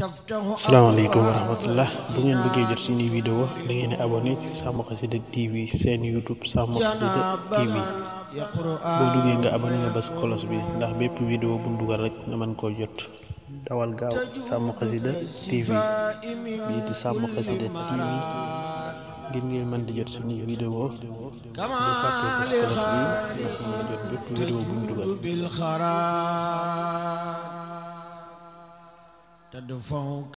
Assalamualaikum warahmatullah. rahmatullah bu ngeen bëggee jot suñuy vidéo da ngeen di abonné ci TV seen YouTube Samba Xassida TV boo duggee nga abonné nga bés kolos bi ndax bépp vidéo bu dugal rek nga mën koo jot dawal gaaw Samba TV bii di Samba Xassida TV ngir ngeen mën di jot suñuy vidéo bu fàttee bés kolos bi ndax mën a jot bépp vidéo bu dugal T'as de